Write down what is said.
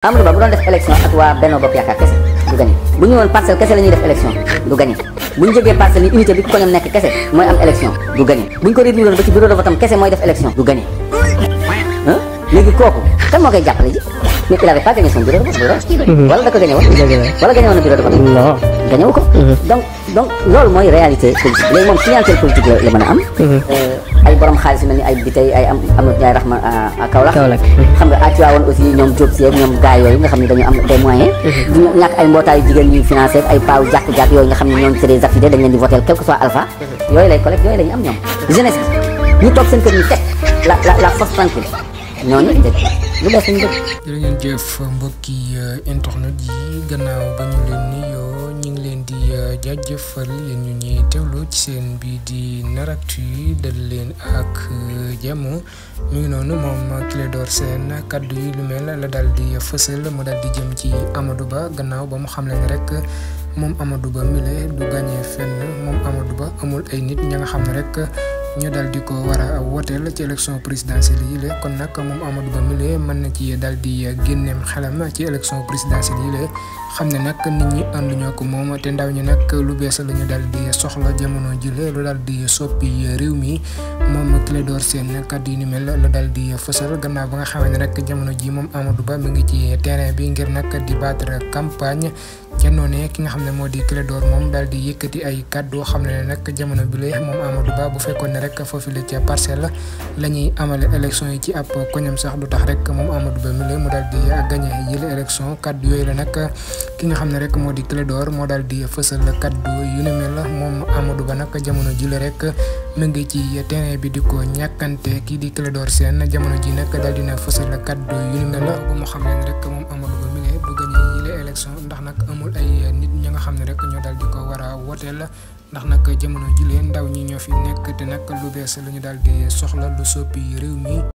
Amadou Ba bu doon def élection ak waa Benno Bokk Yaakaar kese du gagné bu ñu woon parcelle kese la def élection du gagné bu ñu ko ñoom nekk kese mooy ko réer ñu doon am kese mooy def élection du gagné léegi kooku kan moo koy jàppale ji mais il avait pas gagné son bureau de vote mhm. wala da ko gagné woon wala gagné woon na bureau de vote gagné wu ko mhm. donc loolu mooy réalité politique léegi moom clientèle politique la mën a am mhm. euh, ay borom xaalis yu mel ni ay bitay ay am Amadou Ndiaye Rahma ah, ah, Kaolack xam nga à ah, Tivaouane aussi ñoom Diop Sèye ñoom gars yooyu nga xam ne dañu am des moyens mhm. ay mbootaayu jigéen ay paaw jàkku-jàkk yooyu nga xam ne ñoom c'est des affidés di voté quel que soit mhm. yooyu lay collecte yooyu la ñu am ñoom jeunesse bi ñu toog seen la la la ñooñu dëgg lu ñu dëgg. jërë ngeen jëf mbokki euh, internet yi gannaaw ba ñu leen nuyoo ñu ngi leen di euh, jaajëfal yéen ñu ñuy teewlu ci seen bii di Naractu dal leen ak euh, jàmm mi ngi noonu moom Clédor Sène kàddu yi lu mel la daal di fësal mu daal di jëm ci Amadou Ba gannaaw ba mu xam leen rek. moom Amadou Ba mile du gagné fenn moom Amadou Ba amul ay nit ña nga xam ne rek ñu dal di ko war a woteel ci élection présidentielle yi la kon nag moom Amadou Ba mile mën na ci dal di génneem xelam ci élection présidentielle yi la xam ne nag nit ñi ànd ñoo ko moom te ndaw ñi nag lu bees la ñu dal di soxla jamono jile lu dal di soppi réew mi moom Clédor Sène kàddu yi ni mel la dal di fësal gannaaw ba nga xamee ne rek jamono ji moom Amadou Ba mi ngi ci terrain bi ngir nag di battre campagne. ca noonee ki nga xam ne moo di Clédor moom daal di yëkkati ay kàddu xam ne nag jamono bi lay moom Amadou Ba bu fekkoon ne rek foofu la ca parcelle la lañuy amale élection yi ci ab koñam sax du tax rek moom Amadou Ba mi mu daal di gagné yële élection kàddu yooyu la nag ki nga xam ne rek moo di Clédor moo daal di fësal kàddu yu ne mel moom Amadou Ba jamono ji la rek. mi ngi ci ya tene bi ya, ya, ya, di ko ñakante ki di kala dor sen jamono ji nak dal dina fassal la kaddu yu ñu ngal bu mu xam len rek mom amul bu mi ngi bu gañ yi le election ndax nak amul ay nit ñi nga xam ne rek ñoo dal di ko wara wotel ndax nak jamono ji len ndaw ñi ñoo fi nek te nak lu bess lu ñu dal di soxla lu soppi rew mi